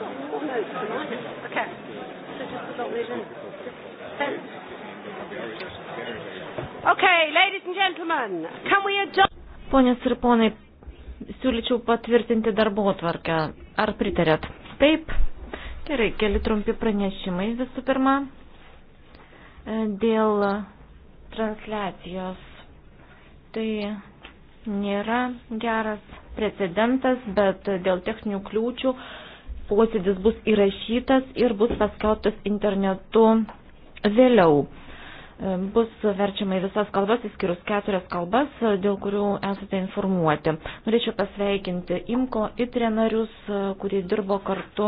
got four notes tonight. Okay. So just as long as Okay, ladies and gentlemen, can we adjust? Ponios ir ponai, siūlyčiau patvirtinti darbo tvarkę. Ar pritarėt? Taip. Gerai, keli trumpi pranešimai visų pirma. E, dėl transliacijos. Tai nėra geras precedentas, bet dėl techninių kliūčių uh, posėdis bus įrašytas ir bus paskelbtas internetu vėliau. E, bus verčiama į visas kalbas, įskyrus keturias kalbas, e, dėl kurių esate informuoti. Norėčiau pasveikinti IMKO ITRE narius, e, kurie dirbo kartu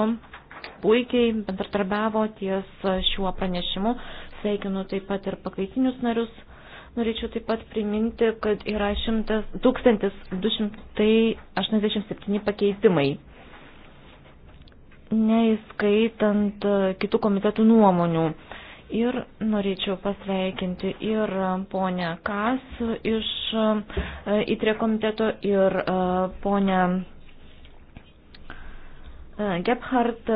puikiai, bendratarbiavo ties šiuo pranešimu. Sveikinu taip pat ir pakaitinius narius. Norėčiau taip pat priminti, kad yra 100, 1287 pakeitimai neįskaitant e, kitų komitetų nuomonių. Ir norėčiau pasveikinti ir e, ponę Kas iš ITRE e komiteto ir ponę Gebhardt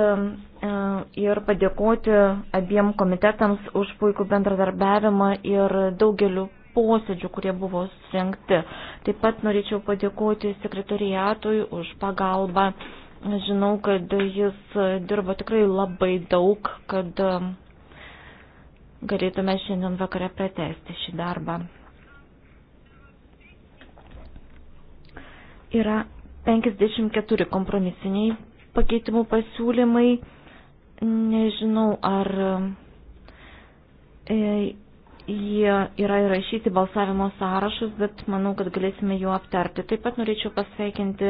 ir padėkoti abiem komitetams už puikų bendradarbiavimą ir daugeliu posėdžių, kurie buvo surinkti. Taip pat norėčiau padėkoti sekretariatui už pagalbą Žinau, kad jis dirbo tikrai labai daug, kad um, galėtume šiandien vakare pratesti šį darbą. Yra 54 kompromisiniai pakeitimų pasiūlymai. Nežinau, ar e, Jie yra įrašyti balsavimo sąrašus, bet manau, kad galėsime jų aptarti. Taip pat norėčiau pasveikinti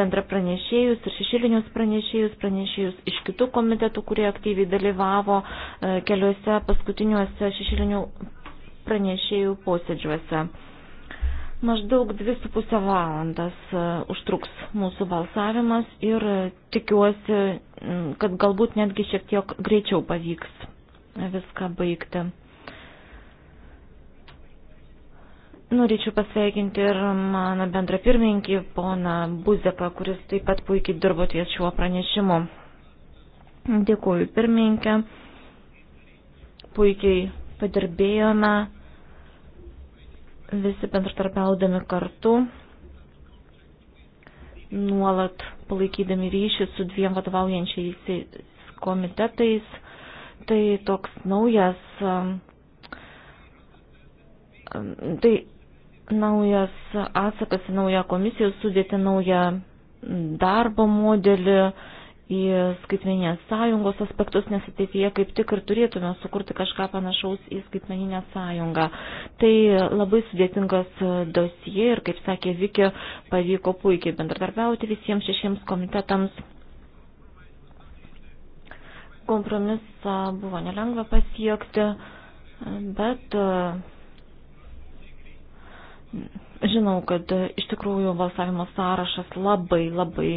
bendra pranešėjus ir šešėlinius pranešėjus, pranešėjus iš kitų komitetų, kurie aktyviai dalyvavo e, keliuose paskutiniuose šešėlinių pranešėjų posėdžiuose. Maždaug 2,5 valandas e, užtruks mūsų balsavimas ir e, tikiuosi, kad galbūt netgi šiek tiek greičiau pavyks viską baigti. Norėčiau pasveikinti ir mano bendra pirmininkį, poną Buzeką, kuris taip pat puikiai dirbo ties šiuo pranešimu. Dėkuoju pirmininkė, puikiai padirbėjome, visi bendratarpiaudami kartu, nuolat palaikydami ryšį su dviem vadovaujančiais komitetais. Tai toks naujas um, tai naujas atsakas į naują komisijos sudėti, naują darbo modelį, į skaitmeninės sąjungos aspektus, nes ateityje kaip tik ir turėtume sukurti kažką panašaus į skaitmeninę sąjungą. Tai labai sudėtingas dosie ir, kaip sakė Vikė, pavyko puikiai bendradarbiauti visiems šešiems komitetams. Kompromisą buvo nelengva pasiekti, bet Žinau, kad e, iš tikrųjų balsavimo sąrašas labai labai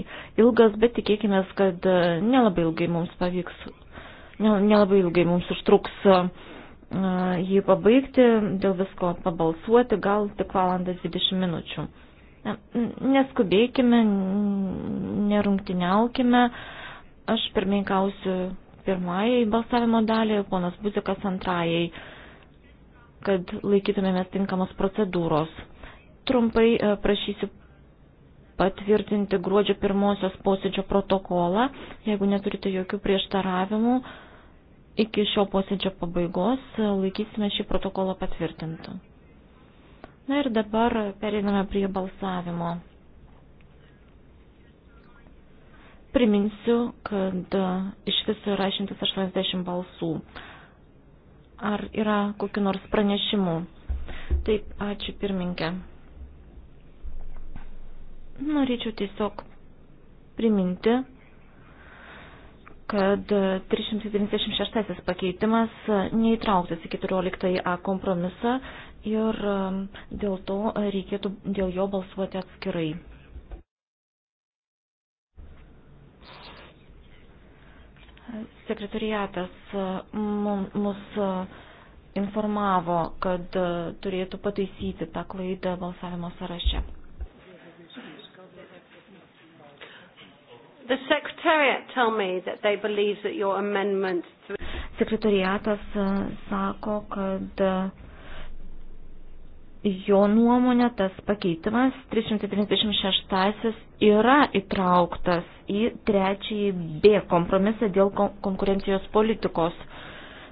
ilgas, bet tikėkime, kad e, nelabai ilgai mums pavyks, nelabai ilgai mums užtruks e, jį pabaigti, dėl visko pabalsuoti, gal tik valandą 20 minučių. Neskubėkime, nerungtiniaukime, aš pirmininkausiu pirmajai balsavimo daliai, ponas Buzikas antrajai kad laikytumėmės tinkamos procedūros. Trumpai e, prašysiu patvirtinti gruodžio pirmosios posėdžio protokolą, jeigu neturite jokių prieštaravimų. Iki šio posėdžio pabaigos e, laikysime šį protokolą patvirtintų. Na ir dabar pereiname prie balsavimo. Priminsiu, kad e, iš viso yra 180 balsų. Ar yra kokiu nors pranešimu? Taip, ačiū pirminkė. Norėčiau tiesiog priminti, kad 396 pakeitimas neįtrauktas į 14a kompromisą ir um, dėl to reikėtų dėl jo balsuoti atskirai. Sekretariatas e, mus e, informavo, kad e, turėtų pataisyti tą klaidą balsavimo sąraše. The secretariat tell me that they believe that your amendment Sekretariatas sako, kad jo nuomonė tas pakeitimas 336 yra įtrauktas į trečiąjį B kompromisą dėl konkurencijos politikos.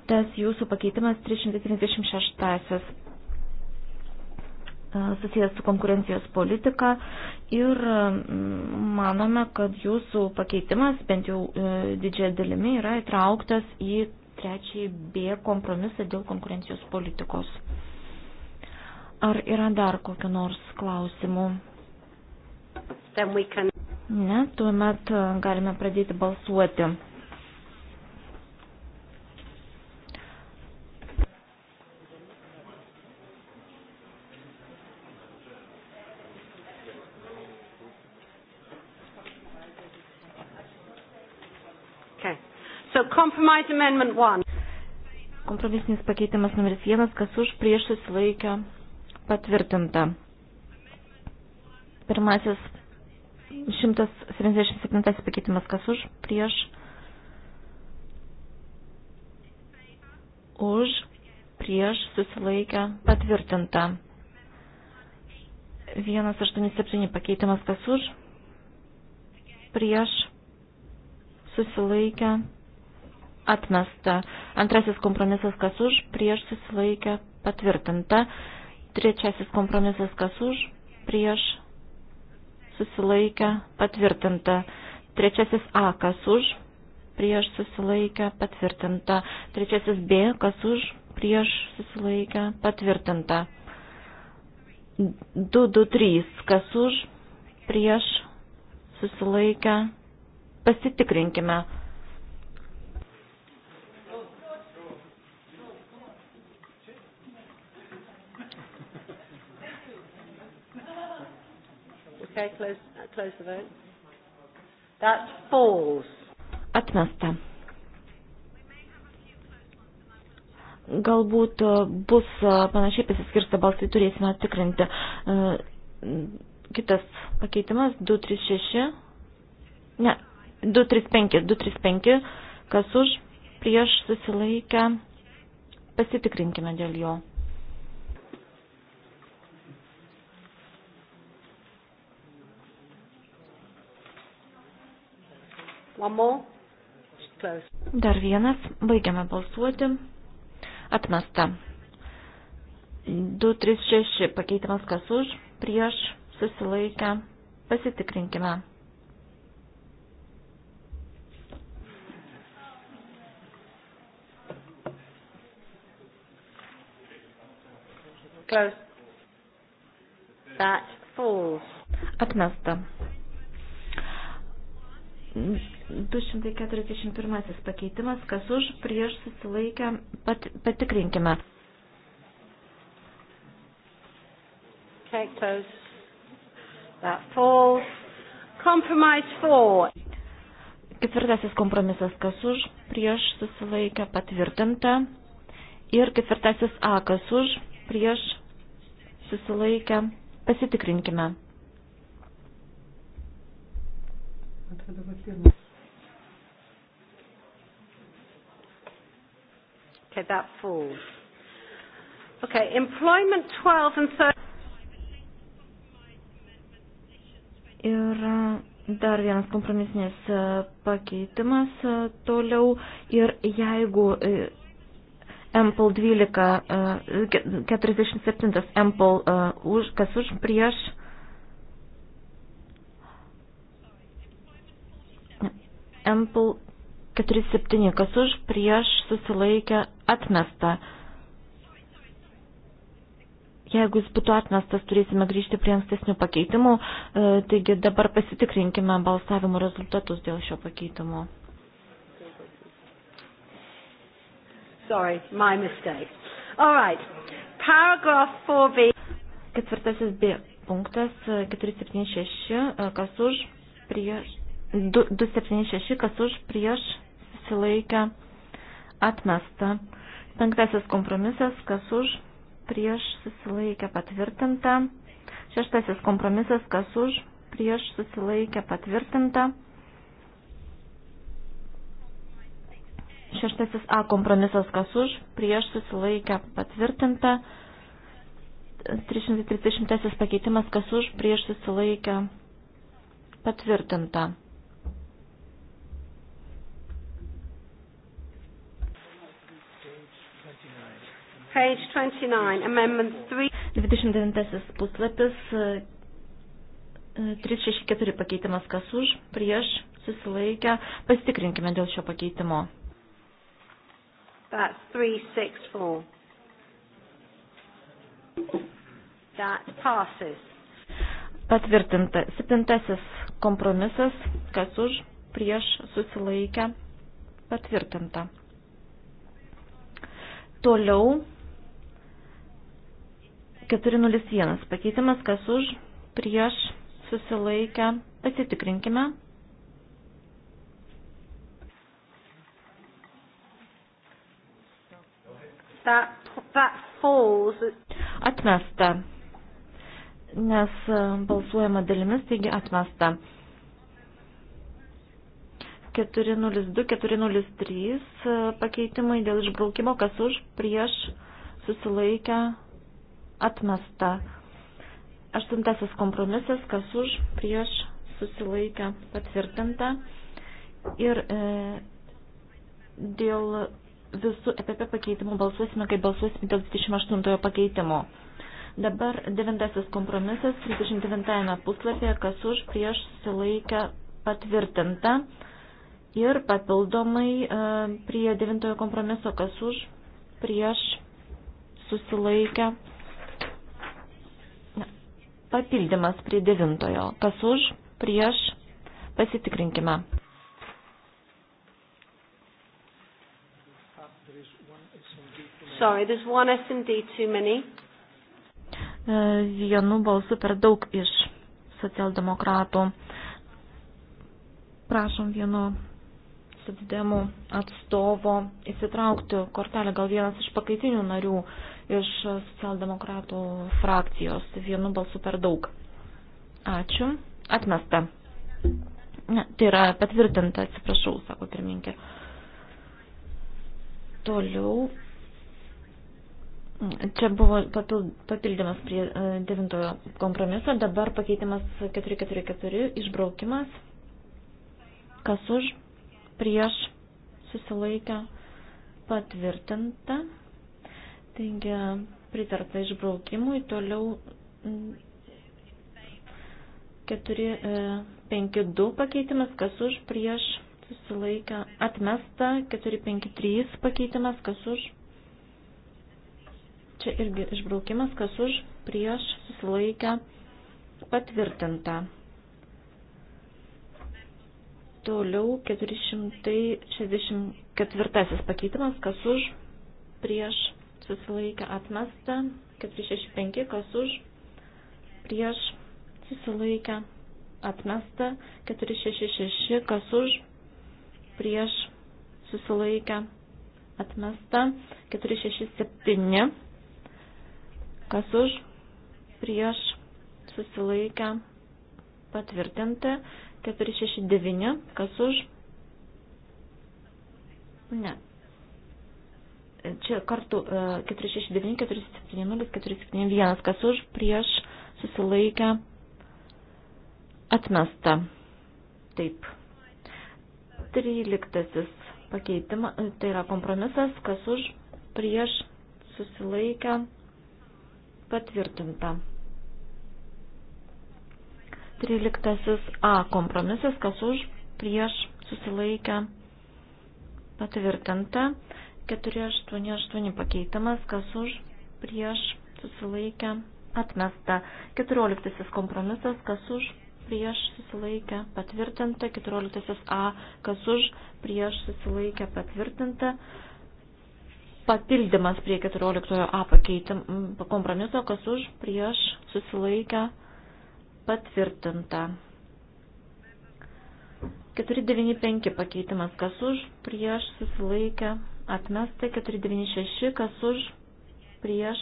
Tas jūsų pakeitimas 336 e, susijęs su konkurencijos politika ir manome, kad jūsų pakeitimas bent jau e, didžiąją dalimi yra įtrauktas į trečiąjį B kompromisą dėl konkurencijos politikos. Ar yra dar kokiu nors klausimu? Can... Ne, tuomet e, galime pradėti balsuoti. Okay. So compromise amendment one. Kompromisinis pakeitimas numeris vienas, kas už prieš susilaikę patvirtinta. Pirmasis 177 pakeitimas kas už, prieš, už, prieš, susilaikę, patvirtinta. 187 pakeitimas kas už, prieš, susilaikę, atmesta. Antrasis kompromisas kas už, prieš, susilaikę, patvirtinta. Trečiasis kompromisas kas už, prieš, susilaikę, patvirtinta. Trečiasis A, kas už, prieš susilaikę, patvirtinta. Trečiasis B, kas už, prieš susilaikę, patvirtinta. 223, kas už, prieš susilaikę, pasitikrinkime. Okay, close, close the vote. That falls. Atmesta. Galbūt uh, bus uh, panašiai pasiskirsta balsai, turėsime tikrinti. Uh, kitas pakeitimas 236. Ne, 235. 235. Kas už, prieš susilaikę. Pasitikrinkime dėl jo. Dar vienas. Baigiame balsuoti. Atmesta. 236 pakeitimas kas už, prieš, susilaikę. Pasitikrinkime. Close. That falls. Atmesta. 241 pakeitimas, kas už, prieš susilaikę, pat, patikrinkime. Ketvirtasis kompromisas, kas už, prieš susilaikę, patvirtinta. Ir ketvirtasis A, kas už, prieš susilaikę, pasitikrinkime. Atrodo, kad pirmas. Okay, that falls. Okay, employment 12 and 13. Ir e, dar vienas kompromisinės e, pakeitimas e, toliau. Ir jeigu MPL 12, 47 MPL už, kas už prieš Ample 47, kas už prieš susilaikę atmesta. Jeigu jis būtų atmestas, turėsime grįžti prie ankstesnių pakeitimų, e, taigi dabar pasitikrinkime balsavimo rezultatus dėl šio pakeitimo. Sorry, my mistake. All right. Paragraph 4b. Ketvirtasis B punktas 476, e, e, kas už prieš 276, kas už prieš susilaikę atmesta. Penktasis kompromisas, kas už prieš susilaikę patvirtinta. Šeštasis kompromisas, kas už prieš susilaikę patvirtinta. Šeštasis A kompromisas, kas už prieš susilaikę patvirtinta. 330 pakeitimas, kas už prieš susilaikę patvirtinta. Page 29, amendment 3. 29 puslapis, 364 e, e, pakeitimas kas už, prieš, susilaikę. Pasitikrinkime dėl šio pakeitimo. That's 364. That passes. Patvirtinta. Septintasis kompromisas, kas už, prieš, susilaikę. Patvirtinta. Toliau 401 pakeitimas, kas už, prieš, susilaikę, pasitikrinkime. That, that falls. Atmesta, nes e, balsuojama dalimis, taigi atmesta. 402, 403 e, pakeitimai dėl išbraukimo, kas už, prieš, susilaikę, atmesta. Aštuntasis kompromisas, kas už, prieš, susilaikę, patvirtinta. Ir e, dėl visų EPP pakeitimų balsuosime, kai balsuosime dėl 28 pakeitimo. Dabar devintasis kompromisas, 39 puslapyje, kas už, prieš, susilaikę, patvirtinta. Ir papildomai e, prie devintojo kompromiso, kas už, prieš, susilaikę, papildymas prie devintojo. Kas už, prieš, pasitikrinkime. Sorry, there's one S&D too many. E, vienu balsu per daug iš socialdemokratų. Prašom vieno sudėmų atstovo įsitraukti kortelę, gal vienas iš pakaitinių narių uh, iš socialdemokratų frakcijos. Vienu balsu per daug. Ačiū. Atmesta. Ne, tai yra patvirtinta, atsiprašau, sako pirminkė. Toliau. Čia buvo papildymas prie e, devintojo kompromiso, dabar pakeitimas 444, išbraukimas, kas už, prieš, susilaikę, patvirtinta. Taigi pritarta išbraukimui, toliau 452 mm, e, pakeitimas, kas už prieš susilaikę atmesta, 453 pakeitimas, kas už. Čia irgi išbraukimas, kas už prieš susilaikę patvirtinta. Toliau 464 pakeitimas, kas už prieš susilaikė atmesta, 465 kas už, prieš susilaikė atmesta, 466 kas už, prieš susilaikė atmesta, 467 kas už, prieš susilaikė patvirtinti, 469 kas už, ne, Čia kartu 469, 470, 471, kas už, prieš, susilaikę, atmesta. Taip. 13 pakeitimas, e, tai yra kompromisas, kas už, prieš, susilaikę, patvirtinta. 13 A kompromisas, kas už, prieš, susilaikę, patvirtinta. 488 pakeitimas, kas už, prieš, susilaikę, atmesta. 14 kompromisas, kas už, prieš, susilaikę, patvirtinta. 14 A, kas už, prieš, susilaikę, patvirtinta. Papildymas prie 14 A pakeitim, mm, kompromiso, kas už, prieš, susilaikę, patvirtinta. 495 pakeitimas, kas už, prieš, susilaikę, atmesta, 496, kas už, prieš,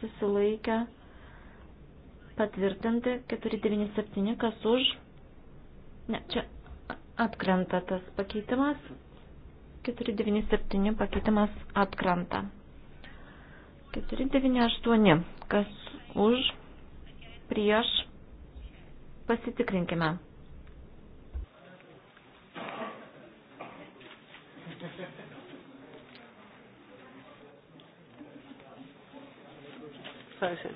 susilaikę, patvirtinti, 497, kas už, ne, čia atkrenta tas pakeitimas, 497 pakeitimas atkrenta. 498, kas už, prieš, pasitikrinkime. person.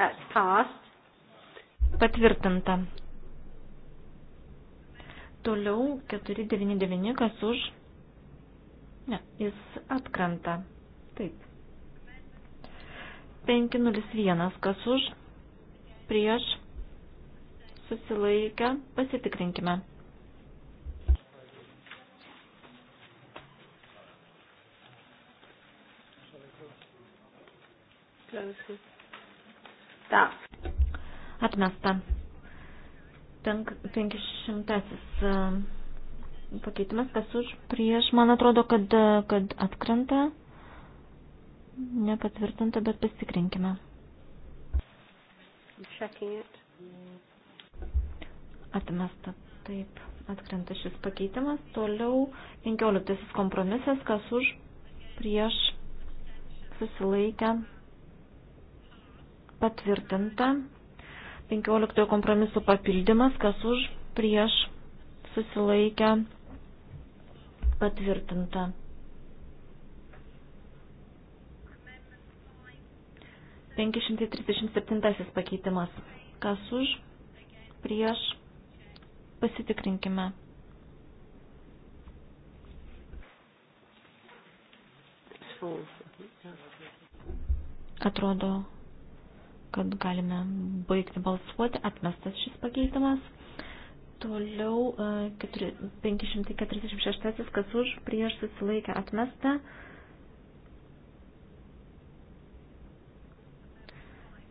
That's passed. Patvirtinta. Toliau 499, kas už. Ne, jis atkrenta. Taip. 501, kas už. Prieš. Susilaikę. Pasitikrinkime. Da. Atmesta. Penk, penkišimtasis e, pakeitimas, kas už prieš, man atrodo, kad, e, kad atkrenta. Nepatvirtinta, bet pasitikrinkime. Atmesta. Taip, atkrenta šis pakeitimas. Toliau 15 kompromisas, kas už prieš susilaikę patvirtinta. 15 kompromisų papildymas, kas už, prieš, susilaikę, patvirtinta. Penki šimtai trisdešimt septintasis pakeitimas. Kas už, prieš, pasitikrinkime. Atrodo, kad galime baigti balsuoti, atmestas šis pakeitimas. Toliau 546, e, kas už, prieš susilaikę atmestą.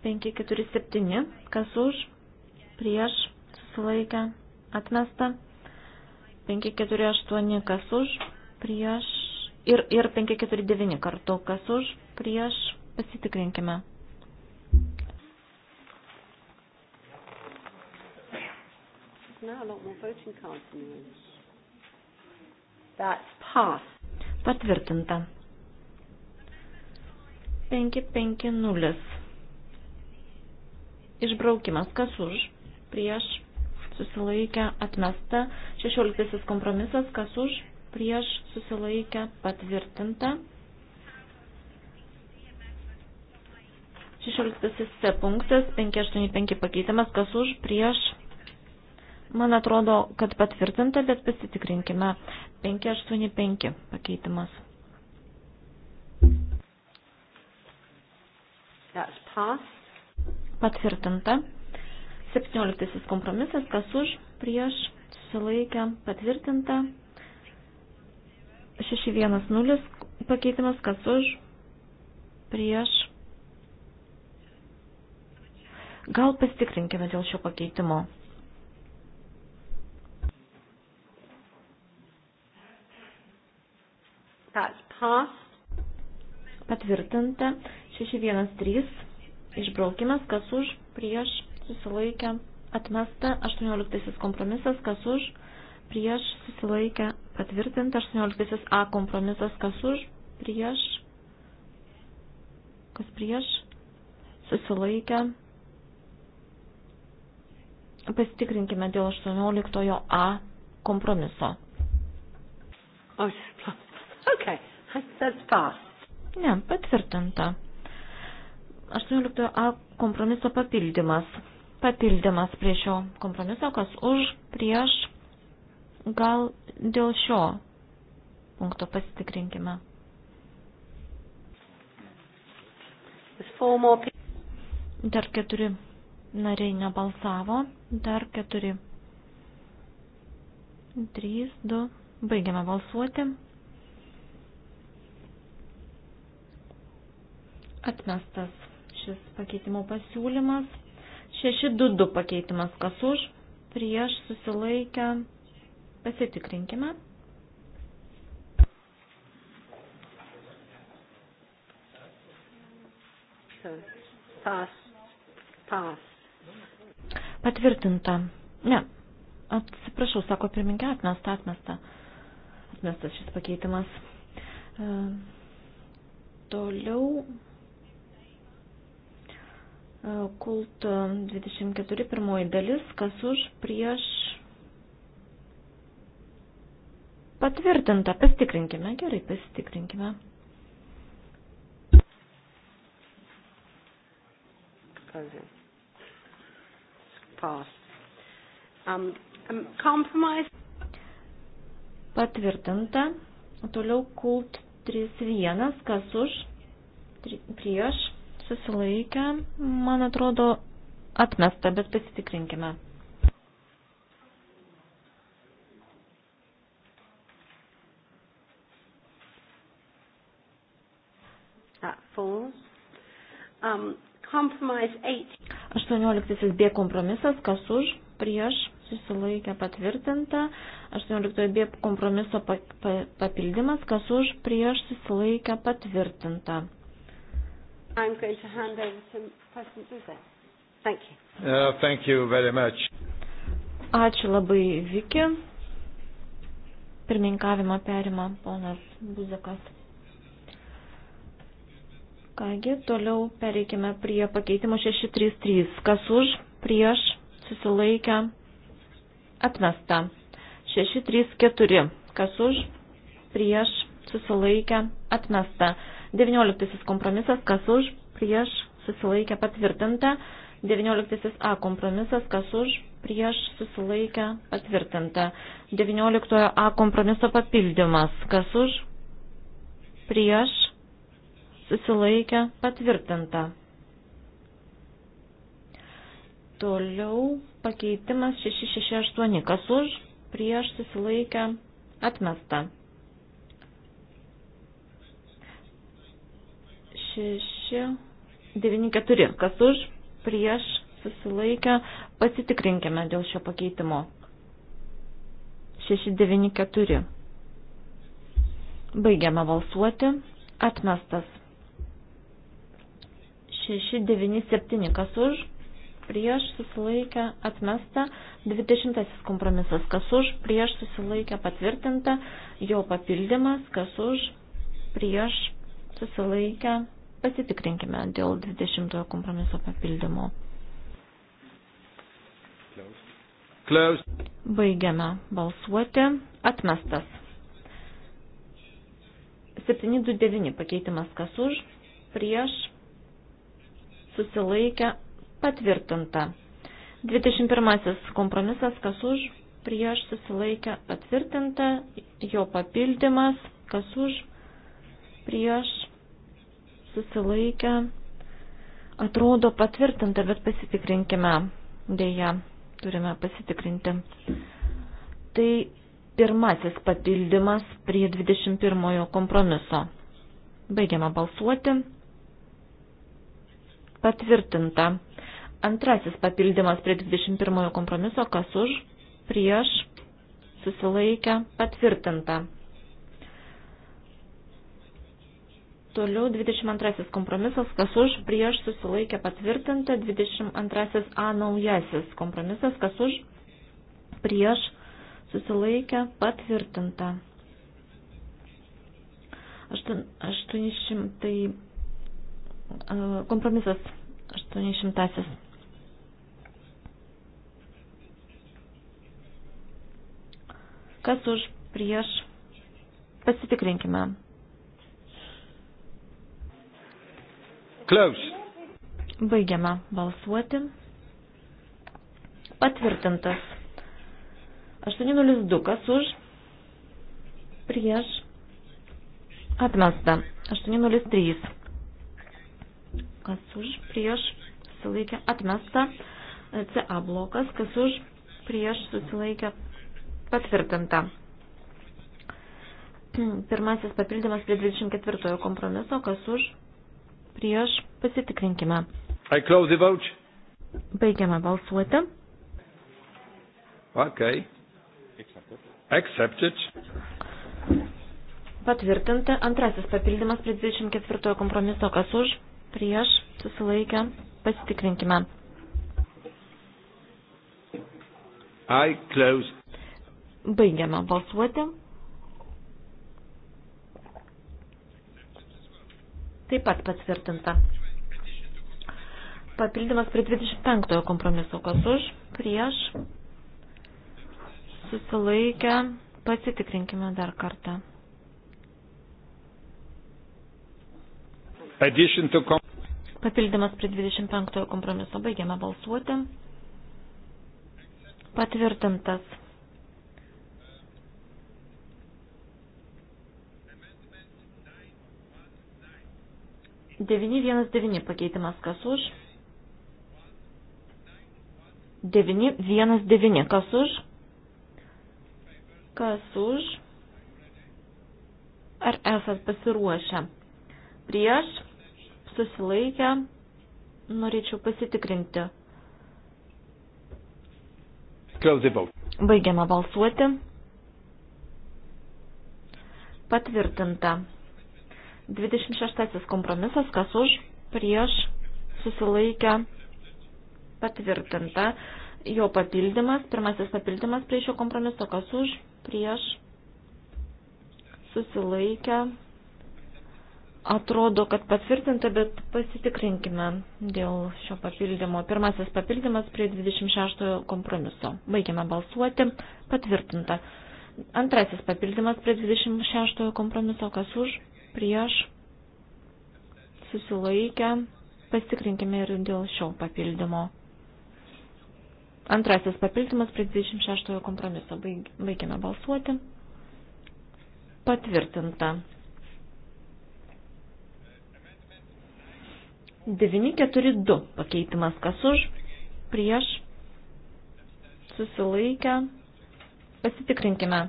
547, kas už, prieš susilaikę atmestą. 548, kas už, prieš. Ir, ir 549 kartu, kas už, prieš. Pasitikrinkime. now a lot more voting cards in the room. That's passed. Patvirtinta. 550. Išbraukimas kas už, prieš, susilaikę, atmesta. 16 kompromisas kas už, prieš, susilaikę, patvirtinta. 16 punktas, 585 pakeitimas kas už, prieš, Man atrodo, kad patvirtinta, bet pasitikrinkime. 585 pakeitimas. Patvirtinta. 17 kompromisas, kas už, prieš, susilaikę, patvirtinta. 610 pakeitimas, kas už, prieš. Gal pasitikrinkime dėl šio pakeitimo. That's passed. Patvirtinta. 613 išbraukimas, kas už, prieš, susilaikę, atmesta. 18 kompromisas, kas už, prieš, susilaikę, patvirtinta. 18 A kompromisas, kas už, prieš, kas prieš, susilaikę. Pasitikrinkime dėl 18 A kompromiso. Oh, Aš Okay, that's passed. Ne, patvirtinta. 18a kompromiso papildymas. Papildymas prie šio kompromiso, kas už, prieš, gal dėl šio punkto pasitikrinkime. Dar keturi nariai nebalsavo, dar keturi. Trys, du. Baigiame balsuoti. Atmestas šis pakeitimo pasiūlymas. 622 pakeitimas kas už, prieš susilaikę. Pasitikrinkime. Pas, pas. Patvirtinta. Ne. Atsiprašau, sako pirmininkė, atmesta, atmesta. Atmestas šis pakeitimas. E, toliau Kult 24 pirmoji dalis, kas už prieš patvirtinta, pasitikrinkime, gerai pasitikrinkime. Um, um, patvirtinta. Toliau kult 3.1, kas už prieš susilaikę, man atrodo, atmesta, bet pasitikrinkime. Um, 18 B kompromisas, kas už, prieš, susilaikė patvirtinta. 18 B kompromiso papildymas, kas už, prieš, susilaikė patvirtinta. I'm going to hand over to President Buzek. Thank you. Uh, thank you very much. Ačiū labai, Viki. Pirmininkavimą perima ponas Buzekas. Kągi, toliau pereikime prie pakeitimo 633. Kas už, prieš, susilaikę, atmesta. 634. Kas už, prieš, susilaikę, atmesta. 19 kompromisas, kas už, prieš, susilaikė patvirtinta. 19 A kompromisas, kas už, prieš, susilaikė patvirtinta. 19 A kompromiso papildymas, kas už, prieš, susilaikė patvirtinta. Toliau pakeitimas 668, kas už, prieš, susilaikė atmesta. 6, 9, 4. Kas už, prieš, susilaikę, pasitikrinkime dėl šio pakeitimo. 6, 9, 4. Baigiame balsuoti. Atmestas. 6, 9, 7. Kas už, prieš, susilaikę, atmesta. 20 kompromisas. Kas už, prieš, susilaikę, patvirtinta. Jo papildymas. Kas už, prieš, susilaikę, Pasitikrinkime dėl 20 kompromiso papildymo. Close. Baigiame balsuoti. Atmestas. 729 pakeitimas kas už, prieš, susilaikę, patvirtinta. 21 kompromisas kas už, prieš, susilaikę, patvirtinta, jo papildymas kas už, prieš, susilaikę, atrodo patvirtinta, bet pasitikrinkime, dėja, turime pasitikrinti. Tai pirmasis papildymas prie 21 kompromiso. Baigiama balsuoti. Patvirtinta. Antrasis papildymas prie 21 kompromiso, kas už, prieš, susilaikę, patvirtinta. Toliau 22 kompromisas, kas už, prieš susilaikė patvirtinta, 22 A naujasis kompromisas, kas už, prieš susilaikė patvirtinta. 800 kompromisas 800. Kas už prieš pasitikrinkime. Close. Baigiame balsuoti. Patvirtintas. 802 kas už. Prieš. Atmesta. 803. Kas už. Prieš. Susilaikė. Atmesta. CA blokas. Kas už. Prieš. Susilaikė. Patvirtinta. Pirmasis papildymas prie 24 kompromiso. Kas už prieš, pasitikrinkime. Baigiame balsuoti. Okay. Accepted. Patvirtinti antrasis papildymas prie 24 kompromiso, kas už, prieš, susilaikę, pasitikrinkime. Baigiame balsuoti. Taip pat patvirtinta. Papildymas prie 25 kompromiso. Kas už? Prieš? Susilaikę. Pasitikrinkime dar kartą. Papildymas prie 25 kompromiso. Baigiame balsuoti. Patvirtintas. 919 pakeitimas kas už? 919 kas už? Kas už? Ar esat pasiruošę? Prieš susilaikę norėčiau pasitikrinti. Baigiame balsuoti. Patvirtinta. 26 kompromisas, kas už, prieš, susilaikę, patvirtinta. Jo papildymas, pirmasis papildymas prie šio kompromiso, kas už, prieš, susilaikę. Atrodo, kad patvirtinta, bet pasitikrinkime dėl šio papildymo. Pirmasis papildymas prie 26 kompromiso. Baigiame balsuoti. Patvirtinta. Antrasis papildymas prie 26 kompromiso, kas už, prieš, susilaikę, pasitikrinkime ir dėl šio papildymo. Antrasis papildymas prie 26 kompromiso. Baigime balsuoti. Patvirtinta. 942 pakeitimas kas už, prieš, susilaikę, pasitikrinkime.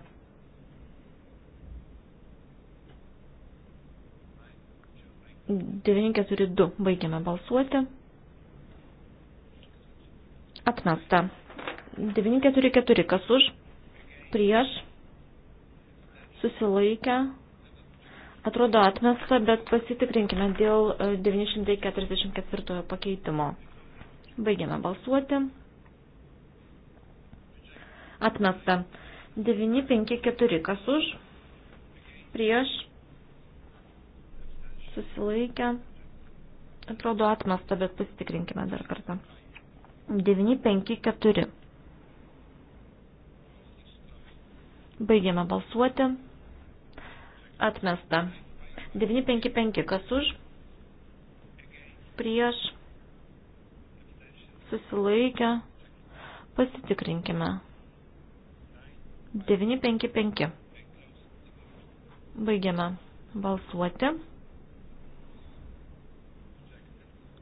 942. Baigiame balsuoti. Atmesta. 944. Kas už? Prieš. Susilaikę. Atrodo atmesta, bet pasitikrinkime dėl 944 e, pakeitimo. Baigiame balsuoti. Atmesta. 954. Kas už? Prieš susilaikę. Atrodo atmesta, bet pasitikrinkime dar kartą. 954. Baigėme balsuoti. Atmesta. 955. Kas už? Prieš. Susilaikę. Pasitikrinkime. 955. Baigėme balsuoti.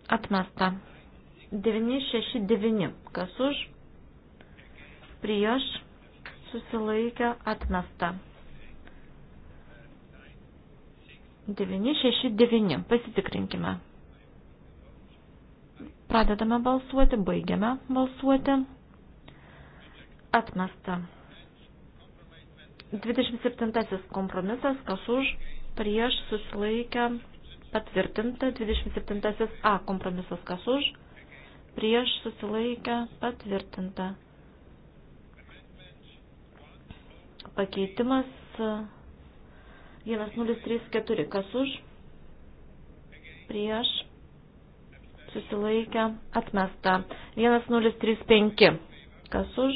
Atmesta. 969. Kas už? Prieš. Susilaikę. Atmesta. 969. Pasitikrinkime. Pradedame balsuoti, baigiame balsuoti. Atmesta. 27 kompromisas, kas už, prieš, susilaikę, patvirtinta 27 A kompromisas kas už, prieš susilaikę patvirtinta. Pakeitimas 1034 kas už, prieš susilaikę atmesta 1035 kas už,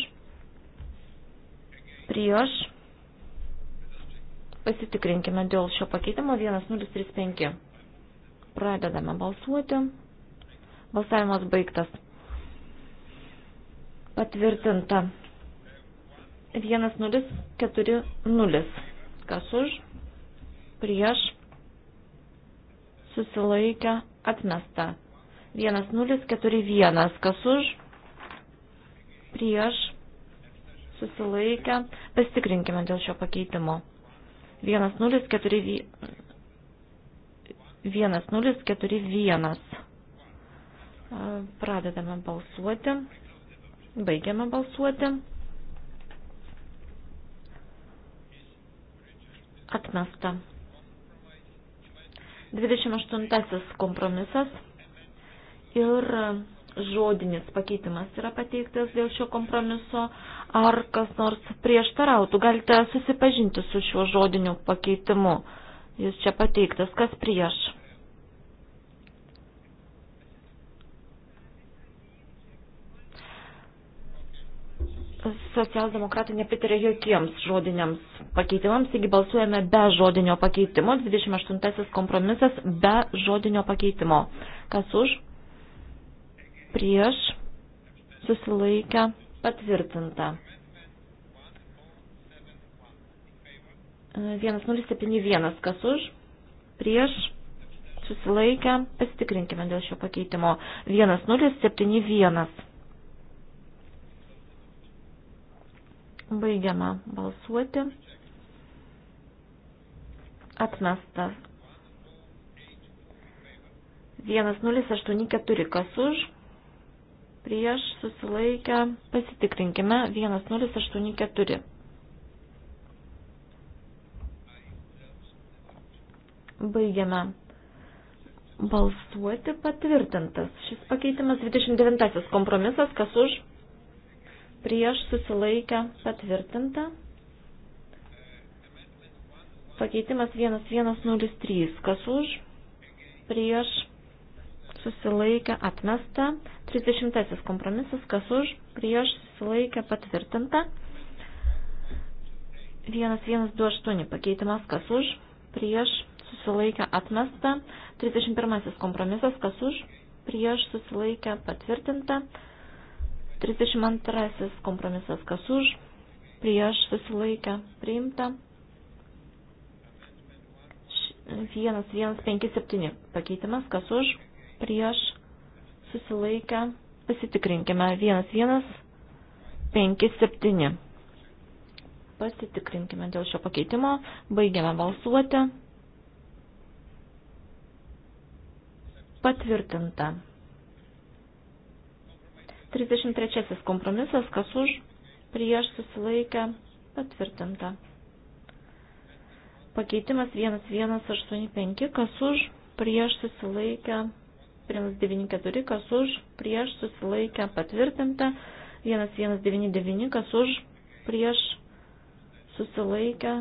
prieš pasitikrinkime dėl šio pakeitimo 1035. Pradedame balsuoti. Balsavimas baigtas. Patvirtinta. 1040. Kas už? Prieš. Susilaikę. Atmesta. 1041. Kas už? Prieš. Susilaikę. Pasitikrinkime dėl šio pakeitimo. 1041. 1041. Pradedame balsuoti. Baigiame balsuoti. Atmesta. 28 kompromisas ir žodinis pakeitimas yra pateiktas dėl šio kompromiso. Ar kas nors prieštarautų? Galite susipažinti su šiuo žodiniu pakeitimu. Jis čia pateiktas, kas prieš. Socialdemokratai nepritarė jokiems žodiniams pakeitimams, taigi balsuojame be žodinio pakeitimo. 28 kompromisas be žodinio pakeitimo. Kas už? Prieš? Susilaikę? Patvirtinta. 1071. Kas už? Prieš? Susilaikę? Pasitikrinkime dėl šio pakeitimo. 1071. Baigiama balsuoti. Atmestas. 1084. Kas už? Prieš? Susilaikę? Pasitikrinkime. 1084. Baigiame balsuoti patvirtintas. Šis pakeitimas 29 kompromisas, kas už prieš susilaikę patvirtinta. Pakeitimas 1103, kas už prieš susilaikę atmesta. 30 kompromisas, kas už prieš susilaikę patvirtinta. 1128 pakeitimas, kas už prieš susilaikė atmesta, 31 kompromisas, kas už, prieš susilaikė patvirtinta, 32 kompromisas, kas už, prieš susilaikė priimta, 1157 pakeitimas, kas už, prieš susilaikė, pasitikrinkime, 1157 pasitikrinkime dėl šio pakeitimo. Baigiame balsuoti. Patvirtinta. 33 kompromisas, kas už, prieš susilaikę, patvirtinta. Pakeitimas 1185, kas už, prieš susilaikę, priims 94, kas už, prieš susilaikę, patvirtinta. 1199, kas už, prieš susilaikę,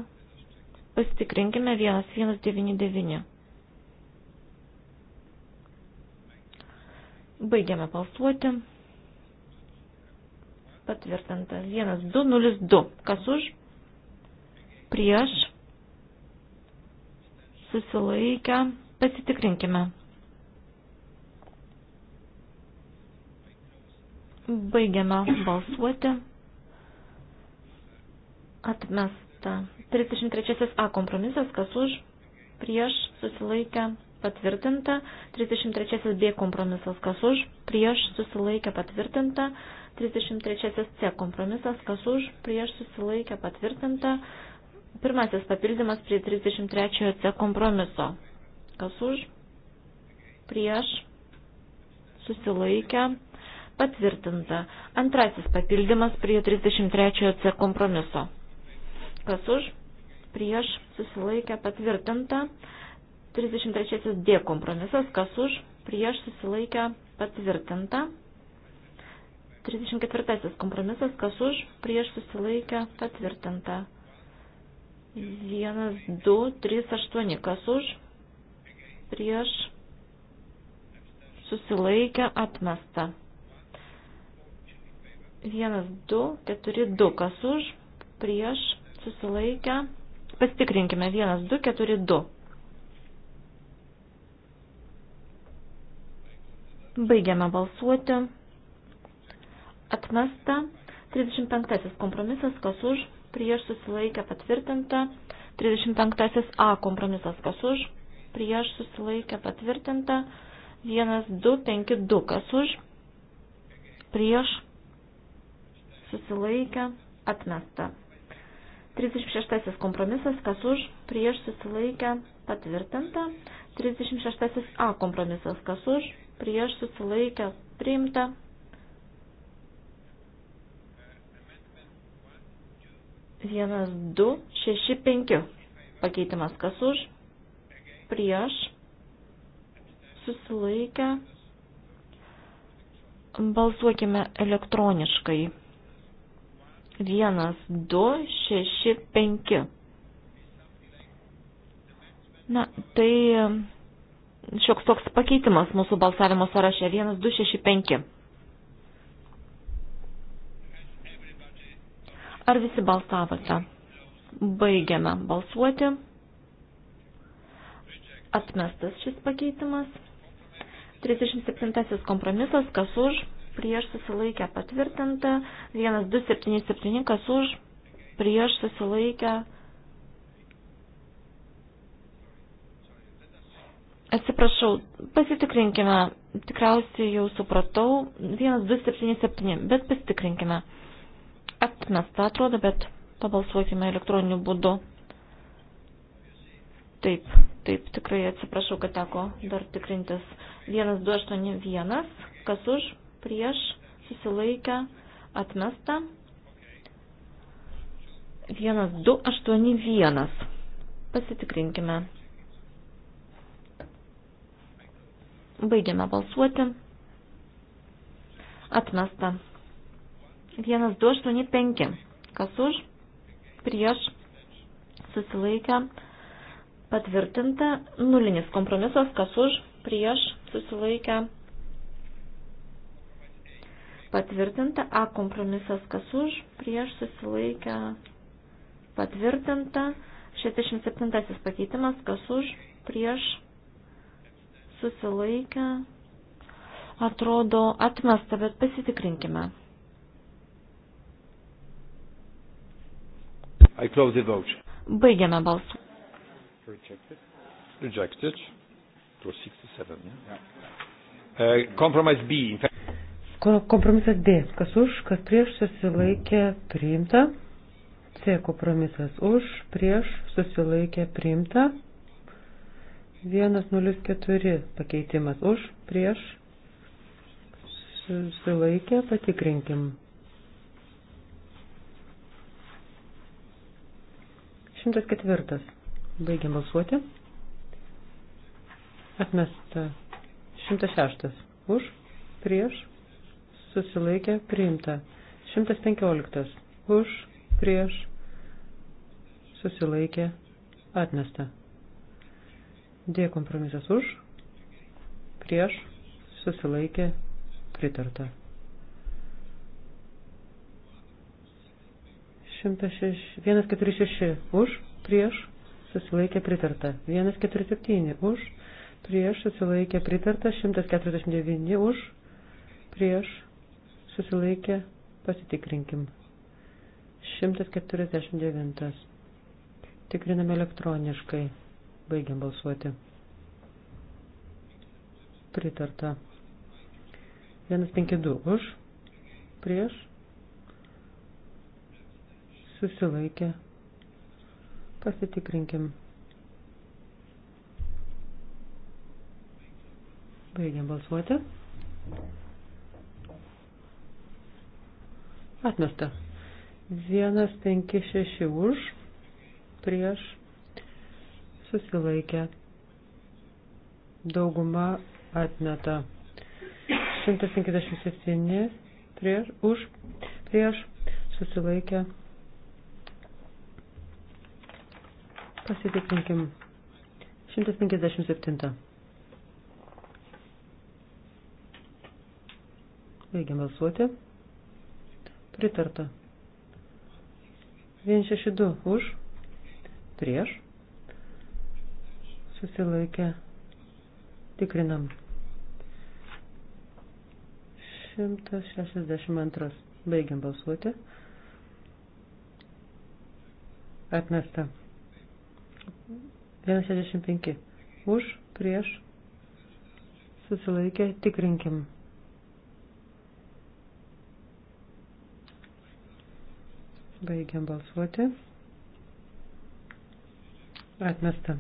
pasitikrinkime 1199. Baigiame balsuoti. Patvirtinta. 1202. Kas už? Prieš. Susilaikę. Pasitikrinkime. Baigiame balsuoti. Atmesta. 33 A kompromisas. Kas už? Prieš. Susilaikę patvirtinta, 33 B kompromisas kas už, prieš susilaikė patvirtinta, 33 C kompromisas kas už, prieš susilaikė patvirtinta, pirmasis papildymas prie 33 C kompromiso kas už, prieš susilaikė patvirtinta, antrasis papildymas prie 33 C kompromiso kas už, prieš susilaikė patvirtinta, 33 D kompromisas, kas už, prieš susilaikę patvirtinta. 34 kompromisas, kas už, prieš susilaikę patvirtinta. 1, 2, 3, 8, kas už, prieš susilaikę atmesta. 1, 2, 4, 2, kas už, prieš susilaikę. Pasitikrinkime 1, 2, 4, 2. Baigiame balsuoti. Atmesta. 35 kompromisas, kas už, prieš susilaikę patvirtinta. 35 A kompromisas, kas už, prieš susilaikę patvirtinta. 1, 2, 5, 2, kas už, prieš susilaikę atmesta. 36 kompromisas, kas už, prieš susilaikę patvirtinta. 36 A kompromisas, kas už, prieš susilaikę priimta. Vienas, du, šeši, penki. Pakeitimas kas už, prieš, susilaikę. Balsuokime elektroniškai. Vienas, du, šeši, penki. Na, tai šioks toks pakeitimas mūsų balsavimo sąraše 1265. Ar visi balsavote? Baigiame balsuoti. Atmestas šis pakeitimas. 37 kompromisas, kas už, prieš susilaikę patvirtinta, 1277, kas už, prieš susilaikę patvirtinta Atsiprašau, pasitikrinkime. Tikriausiai jau supratau. 1277, bet pasitikrinkime. Atmesta atrodo, bet pabalsuokime elektroniniu būdu. Taip, taip, tikrai atsiprašau, kad teko dar tikrintis. 1281, kas už, prieš, susilaikę, atmesta. 1281. Pasitikrinkime. Baigiame balsuoti. Atmesta. 1285. Kas už? Prieš. Susilaikę. Patvirtinta. Nulinis kompromisas. Kas už? Prieš. Susilaikę. Patvirtinta. A kompromisas. Kas už? Prieš. Susilaikę. Patvirtinta. 67 pakeitimas. Kas už? Prieš susilaikę, atrodo atmesta, bet pasitikrinkime. I close the vote. Baigiame balsą. Rejected. Rejected. It was 67, yeah? Yeah. Uh, compromise B. Kompromisas B. Kas už, kas prieš susilaikė priimta. C. Kompromisas už, prieš susilaikė priimta. 104 pakeitimas už, prieš, susilaikę, patikrinkim. 104. Baigiam balsuoti. Atmesta. 106. Už, prieš, susilaikę, priimta. 115. Už, prieš, susilaikę, atmesta. D kompromisas už, prieš, susilaikė, pritarta. 146 už, prieš, susilaikė, pritarta. 147 už, prieš, susilaikė, pritarta. 149 už, prieš, susilaikė, pasitikrinkim. 149. Tikriname elektroniškai. Baigiam balsuoti. Pritarta. 152 už. Prieš. Susilaikė. Pasitikrinkim. Baigiam balsuoti. Atmesta. 156 už. Prieš susilaikė, dauguma atmeta. 157 prieš, už, prieš, susilaikė. Pasitikrinkim. 157. Baigiam balsuoti. Pritarta. 162 už, prieš, susilaikė, tikrinam. 162. Baigiam balsuoti. Atmesta. 165. Už, prieš, susilaikė, tikrinkim. Baigiam balsuoti. Atmesta.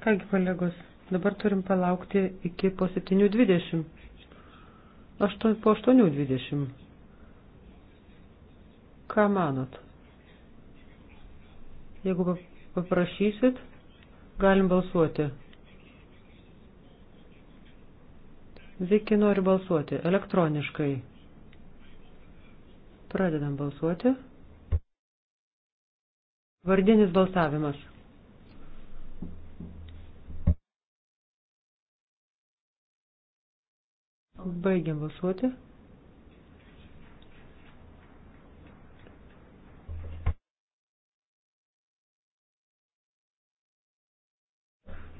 Kągi kolegos, dabar turim palaukti iki po 7.20. Aštu, po 8.20. Ką manot? Jeigu paprašysit, galim balsuoti. Viki nori balsuoti elektroniškai. Pradedam balsuoti. Vardinis balsavimas. Baigiam balsuoti.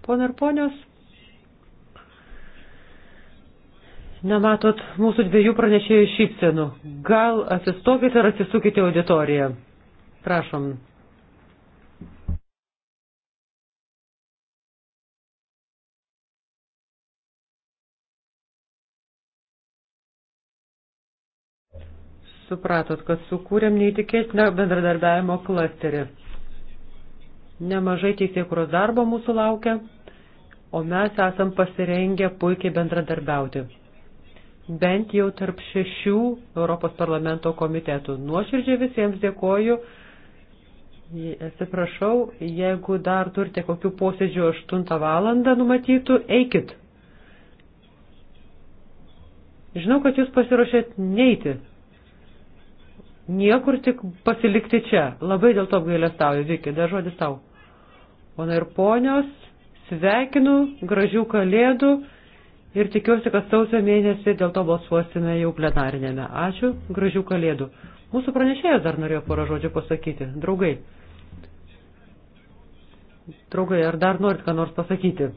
Pone ir ponios, nematot mūsų dviejų pranešėjų šypsenų. Gal atsistokite ir atsisukite auditoriją. Prašom. supratot, kad sukūrėm neįtikėtiną bendradarbiavimo klasterį. Nemažai teisėkuros darbo mūsų laukia, o mes esam pasirengę puikiai bendradarbiauti. Bent jau tarp šešių Europos parlamento komitetų. Nuoširdžiai visiems dėkoju. Atsiprašau, jeigu dar turite kokių posėdžių 8 valandą numatytų, eikit. Žinau, kad jūs pasiruošėt neiti niekur tik pasilikti čia. Labai dėl to apgailestauju, Viki, dar žodis tau. Pana ir ponios, sveikinu, gražių kalėdų ir tikiuosi, kad sausio mėnesį dėl to balsuosime jau plenarinėme. Ačiū, gražių kalėdų. Mūsų pranešėjas dar norėjo porą žodžių pasakyti. Draugai. Draugai, ar dar norit ką nors pasakyti?